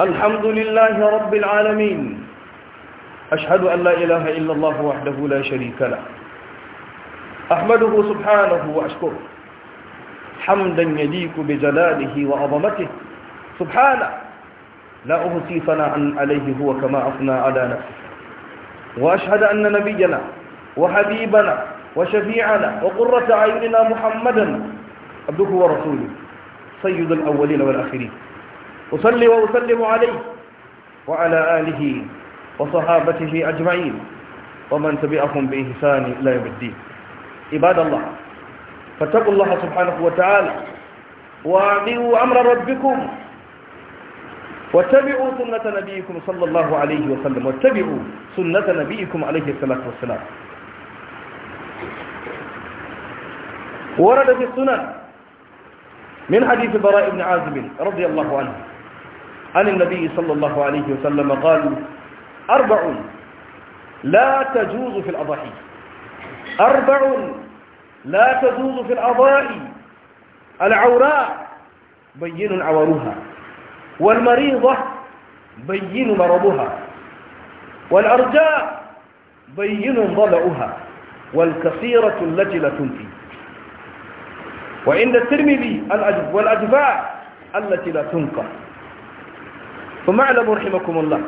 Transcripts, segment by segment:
الحمد لله رب العالمين أشهد أن لا إله إلا الله وحده لا شريك له أحمده سبحانه وأشكره حمدا يليق بجلاله وعظمته سبحانه لا أهسي ثناء عليه هو كما أثنى على نفسه وأشهد أن نبينا وحبيبنا وشفيعنا وقرة عيننا محمدا عبده ورسوله سيد الأولين والآخرين أصلي وأسلم عليه وعلى آله وصحابته أجمعين ومن تبعهم بإحسان إلى يوم الدين عباد الله فاتقوا الله سبحانه وتعالى وأعطوا أمر ربكم واتبعوا سنة نبيكم صلى الله عليه وسلم واتبعوا سنة نبيكم عليه الصلاة والسلام ورد في السنن من حديث براء بن عازب رضي الله عنه عن النبي صلى الله عليه وسلم قال أربع لا تجوز في الأضاحي أربع لا تجوز في الأضاحي العوراء بين عورها والمريضة بين مرضها والأرجاء بين ضلعها والكثيرة التي لا تنفي وعند الترمذي والأجباء التي لا تنقى ثم اعلموا رحمكم الله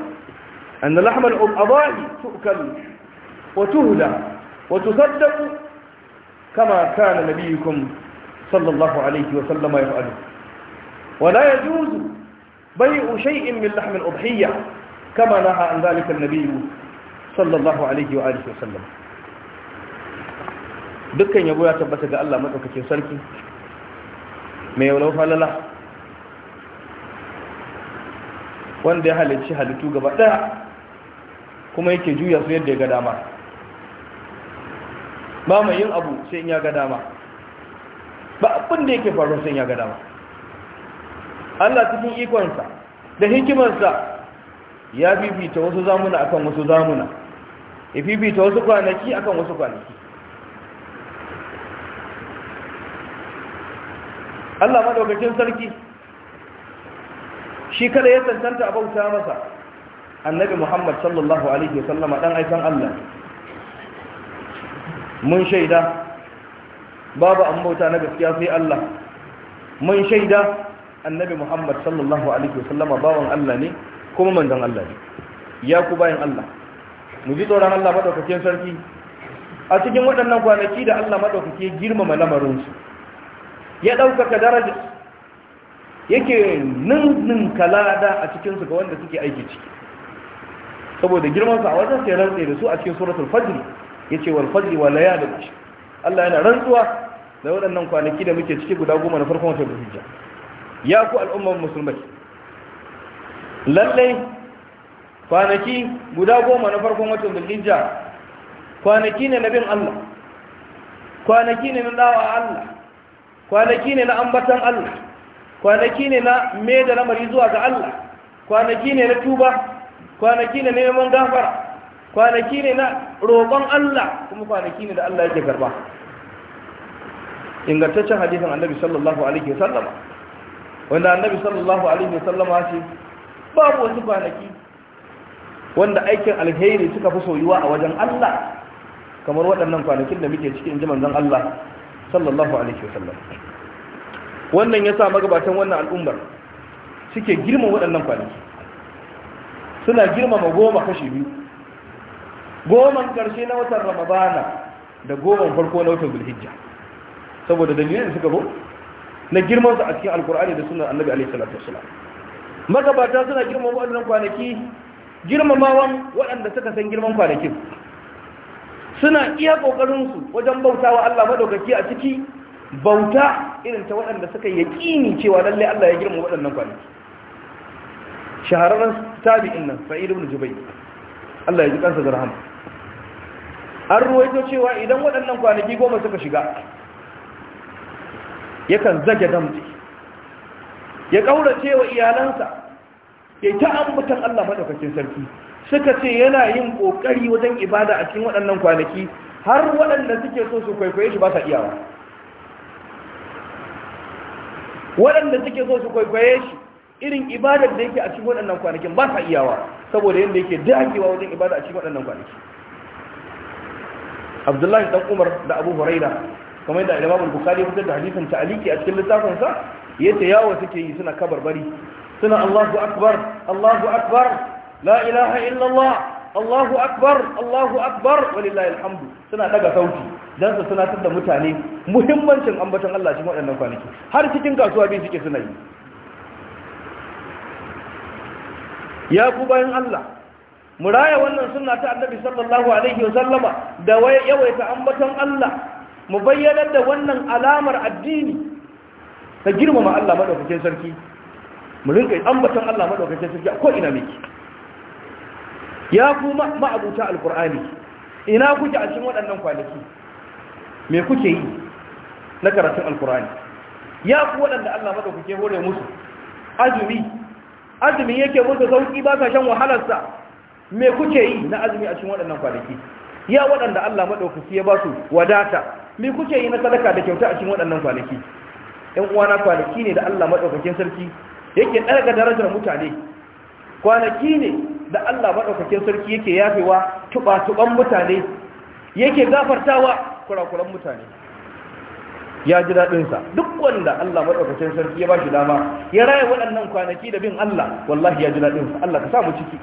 أن لحم الأضاحي تؤكل وتهدى وتصدق كما كان نبيكم صلى الله عليه وسلم يفعله ولا يجوز بيع شيء من لحم الأضحية كما نهى عن ذلك النبي صلى الله عليه وآله وسلم dukkan yabo ya tabbata ga Allah madaukakin sarki mai yau falala wanda ya halicci halittu gaba ɗaya kuma yake juya su yadda ya ga dama ba mai yin abu sai in ya ga dama ba abin da yake faru sai in ya ga dama Allah cikin ikonsa da hikimarsa ya bibita wasu zamuna akan wasu zamuna ya bibita wasu kwanaki akan wasu kwanaki Allah madaukakin sarki shi kada ya cancanta a bauta masa annabi muhammad sallallahu alaihi wa sallama dan aikan allah mun shaida babu an bauta na gaskiya sai allah mun shaida annabi muhammad sallallahu alaihi wa sallama bawan allah ne kuma manzon allah ne ya ku bayan allah mu ji tsoron allah madaukakin sarki a cikin waɗannan kwanaki da allah madaukake girmama lamarinsu ya ɗaukaka daraja yake nannin kalada a cikinsu ga wanda suke aiki ciki saboda girmansa a wajen sai rantse da su a cikin suratul fajr yace wal fajr wa layalin Allah yana rantsuwa da waɗannan kwanaki da muke ciki guda goma na farkon watan Dhulhijja ya ku al'ummar musulmai lalle kwanaki guda goma na farkon watan Dhulhijja kwanaki ne na bin Allah kwanaki ne na dawa Allah kwanaki ne na ambatan Allah kwanaki ne na mai da lamari zuwa ga Allah kwanaki ne na tuba kwanaki ne na neman gafara kwanaki ne na roƙon Allah kuma kwanaki ne da Allah yake karba ingantaccen hadisin annabi sallallahu alaihi wasallam wanda annabi sallallahu alaihi wasallam ce babu wasu kwanaki wanda aikin alheri suka fi soyuwa a wajen Allah kamar waɗannan kwanakin da muke cikin jiman zan Allah sallallahu alaihi wasallam wannan ya sa magabatan wannan al'ummar suke girma waɗannan kwanaki suna girmama goma kashi biyu goman ƙarshe na watan ramadana da goman farko na watan Bilhijja, saboda dalilin da suka zo na girman su a cikin alkur'ani da sunan annabi alaihi salatu wasalam magabata suna girmama waɗannan kwanaki girmamawan waɗanda suka san girman kwanakin suna iya ƙoƙarinsu wajen bautawa Allah madaukaki a ciki bauta irin ta waɗanda suka yaƙini cewa lalle Allah ya girma waɗannan kwanaki shahararren tabi'in nan Sa'idu ibn jubai Allah ya ji kansa da rahama an ruwaito cewa idan waɗannan kwanaki goma suka shiga yakan zage damti. ya kaura cewa iyalansa ya ta ambatan Allah madaukakin sarki suka ce yana yin kokari wajen ibada a cikin waɗannan kwanaki har waɗanda suke so su kwaikwaye shi ba sa iyawa waɗanda suke so su kwaikwaye shi irin ibadar da yake a cikin waɗannan kwanakin ba sa iyawa saboda yadda yake dagewa wajen ibada a cikin waɗannan kwanaki abdullahi dan umar da abu huraira kamar da imam bukhari fitar da hadisin Aliki a cikin littafin sa yace yawo suke yi suna kabarbari suna Allahu akbar Allahu akbar la ilaha illa Allah Allahu akbar Allahu akbar walillahi alhamdu suna daga sauti don su sanatar da mutane muhimmancin ambaton Allah cikin waɗannan kwanaki har cikin kasuwa biyu suke suna yi ya ku bayan Allah mu raya wannan suna ta annabi sallallahu alaihi wa sallama da yawaita ambaton Allah mu bayyana da wannan alamar addini ta girmama Allah madaukakin sarki mu rinka ambaton Allah madaukakin sarki ko ina miki ya ku ma'abuta alqur'ani ina kuke a cikin waɗannan kwanaki me kuke yi na karatun alkur'ani ya fi waɗanda Allah maka kuke hore musu azumi azumi yake musu sauki ba ka shan wahalarsa me kuke yi na azumi a cikin waɗannan kwanaki ya waɗanda Allah maɗaukaki ya ba su wadata me kuke yi na sadaka da kyauta a cikin waɗannan kwanaki ɗan uwana kwanaki ne da Allah kuke sarki yake ɗaga darajar mutane kwanaki ne da Allah maɗaukakin sarki yake yafewa tuɓa-tuɓan mutane yake gafartawa kurakuran mutane ya ji daɗinsa duk wanda Allah maɗaukacin sarki ya ba shi dama ya raya waɗannan kwanaki da bin Allah wallahi ya ji daɗinsa Allah ka samu ciki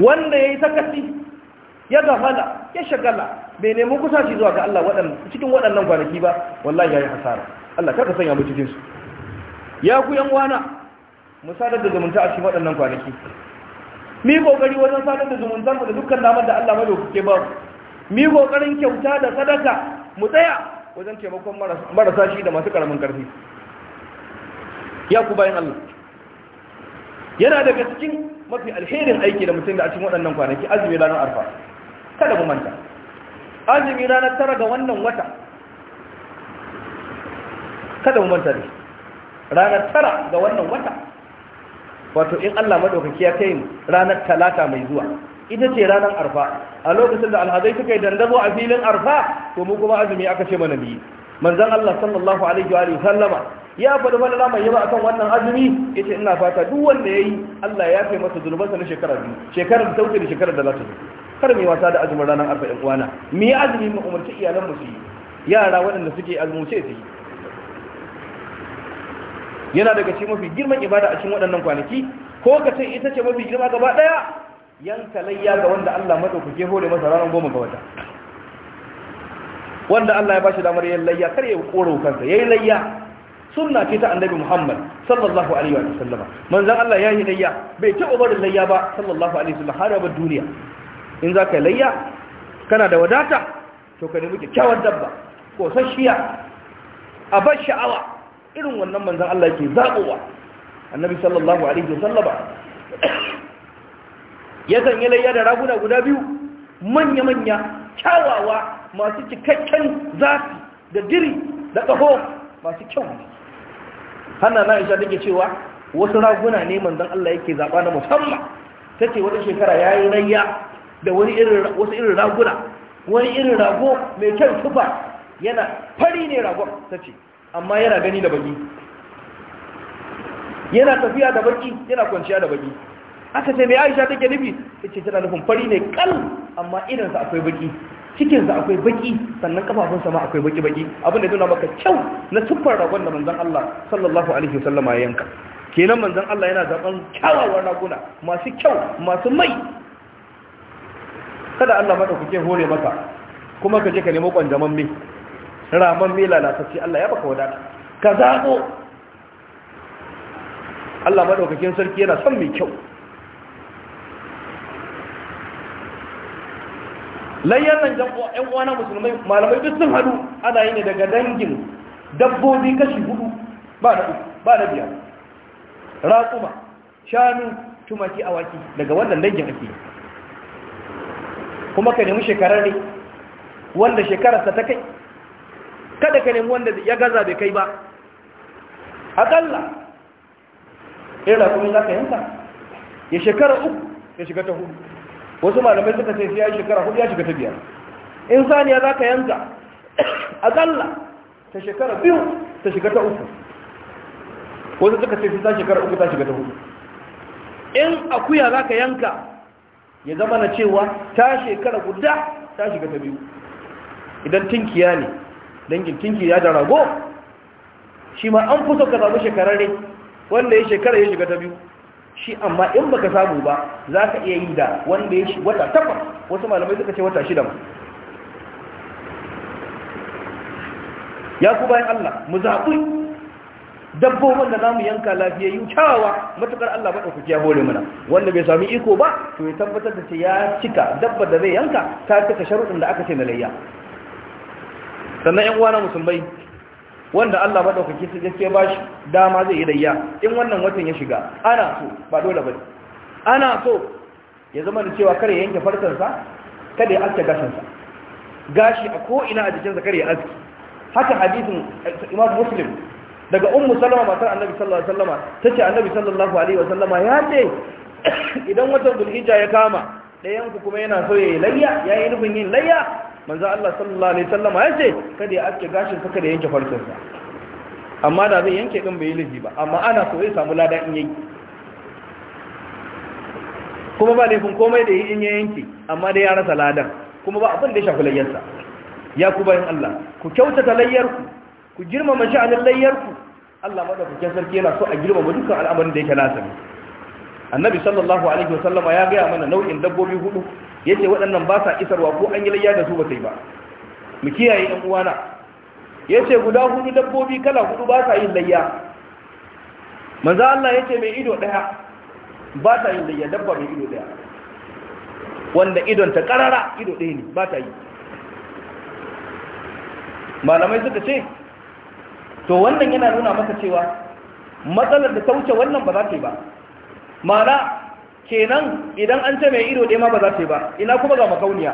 wanda ya yi takasi ya gafala ya shagala bai nemi kusa shi zuwa ga Allah cikin waɗannan kwanaki ba wallahi ya yi hasara Allah ka sanya mu cikinsu ya ku yan wana mu sadar da zumunta a cikin waɗannan kwanaki mi kokari wajen sadar da zumunta da dukkan damar da Allah mai kuke ba mi kokarin kyauta da sadaka mu tsaya wajen taimakon marasa shi da masu karamin karfi ya ku bayan Allah yana daga cikin mafi alherin aiki da mutum da a cikin waɗannan kwanaki azumi ranar arfa kada mu manta azumi ranar tara ga wannan wata kada mu manta ne ranar tara ga wannan wata wato in Allah madaukaki ya kai ranar talata mai zuwa ita ce ranar arfa a lokacin da alhazai suka yi dandazo a filin arfa to mu kuma azumi aka ce mana biyu manzon Allah sallallahu alaihi wa sallama ya faɗi wani lamar yaba akan wannan azumi Ya ce ina fata duk wanda yi. Allah ya kai masa zulmansa na shekarar biyu shekarar da ta wuce da shekarar da za ta zo kar mai wasa da azumin ranar arfa ɗan uwana mu yi azumi mu umarci iyalan mu su yi yara waɗanda suke azumce su yi yana daga cikin mafi girman ibada a cikin waɗannan kwanaki ko ka ce ita ce mafi girma gaba ɗaya yanka layya ga wanda Allah madaukake hore masa ranar goma ga wata wanda Allah ya bashi damar yin layya kar ya koro kansa yayi layya sunna ce ta annabi Muhammad sallallahu alaihi wa sallama manzon Allah yayi layya bai ta ubarin layya ba sallallahu alaihi wa sallam har abad duniya in za ka layya kana da wadata to ka nemi kyakkyawar dabba ko sashiya a bar sha'awa irin wannan manzan Allah ke zaɓowa annabi sallallahu alaihi wasallama ya sanya layya da raguna guda biyu manya-manya kyawawa masu cikakken zafi da diri da ƙaho masu kyau hana na isa take cewa wasu raguna ne manzan Allah yake zaɓa na musamman ta ce Wani shekara ya yi rayya da wasu irin raguna wani irin rago mai kyan sufa yana fari ne ragon ta ce amma yana gani da baki yana tafiya da baki yana kwanciya da baki aka ce mai aisha take nufi ce tana nufin fari ne kal amma idansa akwai baki cikinsa akwai baki sannan kafafunsa ma akwai baki baki abin da nuna maka kyau na siffar ragon da manzan Allah sallallahu alaihi wasallama ya yanka kenan manzan Allah yana zaben kyawawan raguna masu kyau masu mai kada Allah maka kuke hore maka kuma ka je ka nemo kwanjaman mai raman na sassi Allah ya baka wadata ka zaɓo Allah maɗaukakin sarki yana son mai kyau layyar nan ‘yan uwana musulmai malamai duk sun haɗu ana yi ne daga dangin dabbobi kashi hudu ba na biyar ratsuma shanu tumaki awaki daga wannan dangin ake kuma ka nemi shekarar ne wanda shekararsa ta kai kada ka nemi wanda ya gaza bai kai ba akalla ina kuma za ka yanka ya shekara uku ya shiga ta hudu wasu malamai suka ce ya ya shekara hudu ya shiga ta biyar in saniya za ka yanka akalla ta shekara biyu ta shiga ta uku wasu suka ce sai ta shekara uku ta shiga ta hudu in akuya za ka yanka ya zama na cewa ta shekara guda ta shiga ta biyu idan tinkiya ne dangin kinki ya da rago shi ma an fuso ka samu shekararre wanda ya shekara ya shiga ta biyu shi amma in baka samu ba za ka iya yi da wanda ya shi wata takwas wasu malamai suka ce wata shida ma ya ku bayan Allah mu zaɓi dabbobin da za mu yanka lafiyayyu kyawawa matukar Allah maɗaukaki ya hore mana wanda bai sami iko ba to ya tabbatar da ya cika dabba da zai yanka ta cika sharuɗin da aka ce na layya sannan yan uwa na musulmai wanda Allah madaukaki su gaske ba shi dama zai yi dayya in wannan watan ya shiga ana so ba dole bane ana so ya zama da cewa kare yanke farkansa kada ya aske gashinsa gashi a ko ina a jikinsa kare ya aski haka hadisin Imam Muslim daga ummu salama matar annabi sallallahu alaihi wasallama tace annabi sallallahu alaihi wasallama ya ce idan watan zulhijja ya kama dayan ku kuma yana so yi layya yi nufin yin layya manzo Allah sallallahu alaihi wasallam ya ce kada ya aske gashin saka da yanke farcen sa amma da zai yanke din bai laifi ba amma ana so ya samu lada in yayi kuma ba laifin komai da in ya yanke amma dai ya rasa ladan kuma ba abin da ya shafi sa ya ku bayin Allah ku kyautata layyar ku girmama sha'anin ku Allah madaukakin sarki yana so a girmama dukkan al'amarin da yake nasa annabi sallallahu alaihi wasallam ya ga mana nau'in dabbobi hudu yace waɗannan ba sa isarwa ko an yi layya da su ba sai ba mu kiyaye ɗan uwana yace guda hudu dabbobi kala hudu ba sa yin layya manzo Allah yace mai ido daya ba ta yin layya dabba mai ido daya wanda idon ta ƙarara, ido ɗaya ne ba ta yi malamai suka ce to wannan yana nuna maka cewa matsalar da ta wuce wannan ba za ta yi ba mana kenan idan an ce mai ido ɗaya ma ba za ta yi ba ina kuma ga makauniya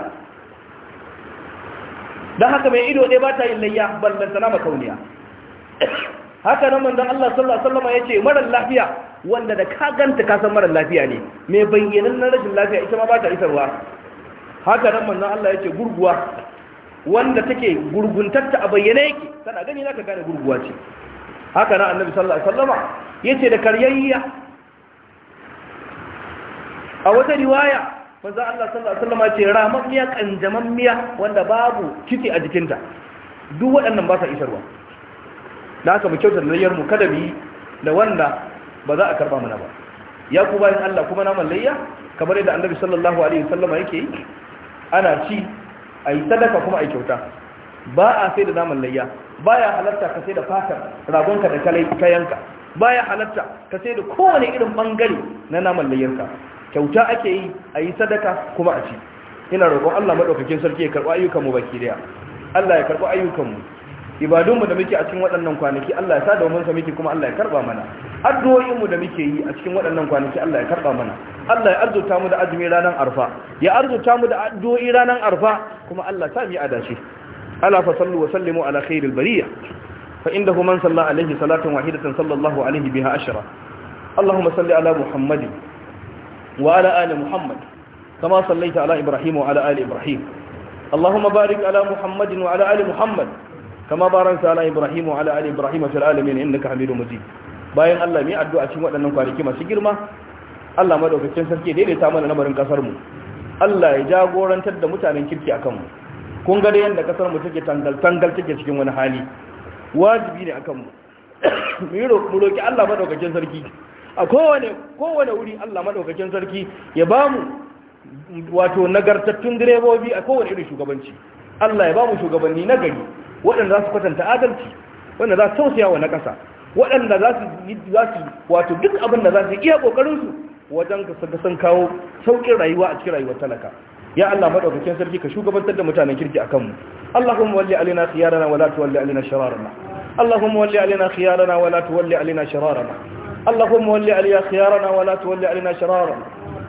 don haka mai ido ɗaya ba ta yi layya ballantana makauniya haka nan manzon Allah sallallahu alaihi wasallam yace marar lafiya wanda da ka ganta ka san marar lafiya ne mai bayyanan na rashin lafiya ita ma ba ta isarwa haka nan manzon Allah yace gurguwa wanda take gurguntatta a bayyane yake tana gani ka gane gurguwa ce haka nan annabi sallallahu alaihi wasallam yace da karyayya a wata riwaya manzo Allah sallallahu alaihi wasallam ce ramammiya miya wanda babu kiti a jikinta duk waɗannan ba sa isarwa da haka mu kyauta layyar mu kada bi da wanda ba za a karba mana ba ya ku bayan Allah kuma naman layya kamar yadda annabi sallallahu alaihi wasallam yake yi ana ci ai sadaka kuma a kyauta ba a sai da naman layya baya halatta ka sai da fatar ragonka da kalai kayanka baya halatta ka sai da kowane irin bangare na naman layyarka kyauta ake yi a yi sadaka kuma a ci ina roƙon Allah madaukakin sarki ya karɓi ayyukanmu baki daya Allah ya karɓi ayyukanmu ibadunmu da muke a cikin waɗannan kwanaki Allah ya sa da mun muke kuma Allah ya karɓa mana addu'o'inmu da muke yi a cikin waɗannan kwanaki Allah ya karɓa mana Allah ya arzuta mu da azumi ranar arfa ya arzuta mu da addu'o'i ranar arfa kuma Allah ta mu adashi ala fa sallu wa sallimu ala khairil bariya fa indahu man salla alaihi salatan wahidatan sallallahu alaihi biha ashra اللهم صل على محمد وعلى آل محمد كما صليت على إبراهيم وعلى آل إبراهيم اللهم بارك على محمد وعلى آل محمد كما باركت على إبراهيم وعلى آل إبراهيم في العالمين إنك حميد مجيد bayan Allah mai addu'a cikin waɗannan kwanaki masu girma Allah madaukakin sarki ta mana lamarin kasar mu Allah ya jagorantar da mutanen kirki akan mu kun ga da yanda kasar mu take tangal tangal take cikin wani hali wajibi ne akan mu mu roki Allah madaukakin sarki a kowane kowane wuri Allah maɗaukakin sarki ya ba mu wato nagartattun direbobi a kowane irin shugabanci Allah ya ba mu shugabanni na gari waɗanda za su kwatanta adalci waɗanda za su tausaya wa na ƙasa waɗanda za su za su wato duk abin da za su iya kokarin su wajen ka san kawo sauƙin rayuwa a cikin rayuwar talaka ya Allah maɗaukakin sarki ka shugabantar da mutanen kirki a kanmu. Allahumma walli alaina khiyarana wala tuwalli alaina shararana Allahumma walli alaina khiyarana wala tuwalli alaina shararana اللهم ول علينا خيارنا ولا تول علينا شرارنا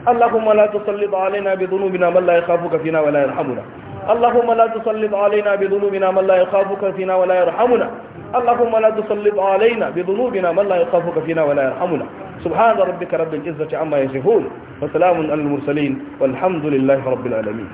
اللهم لا تسلط علينا بذنوبنا من لا يخافك فينا ولا يرحمنا اللهم لا تسلط علينا بذنوبنا من لا يخافك فينا ولا يرحمنا اللهم لا تسلط علينا بذنوبنا من لا يخافك فينا ولا يرحمنا سبحان ربك رب العزة عما يصفون وسلام على المرسلين والحمد لله رب العالمين